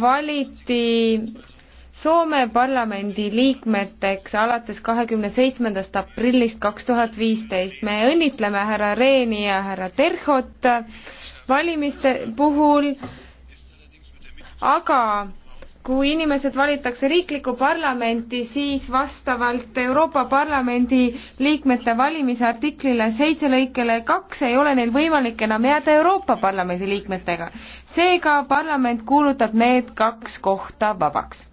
valiti Soome parlamendi liikmeteks alates kahekümne seitsmendast aprillist kaks tuhat viisteist. me õnnitleme härra Reeni ja härra Terhot valimiste puhul, aga kui inimesed valitakse riiklikku parlamenti, siis vastavalt Euroopa Parlamendi liikmete valimise artiklile seitse lõikele kaks ei ole neil võimalik enam jääda Euroopa Parlamendi liikmetega. seega parlament kuulutab need kaks kohta vabaks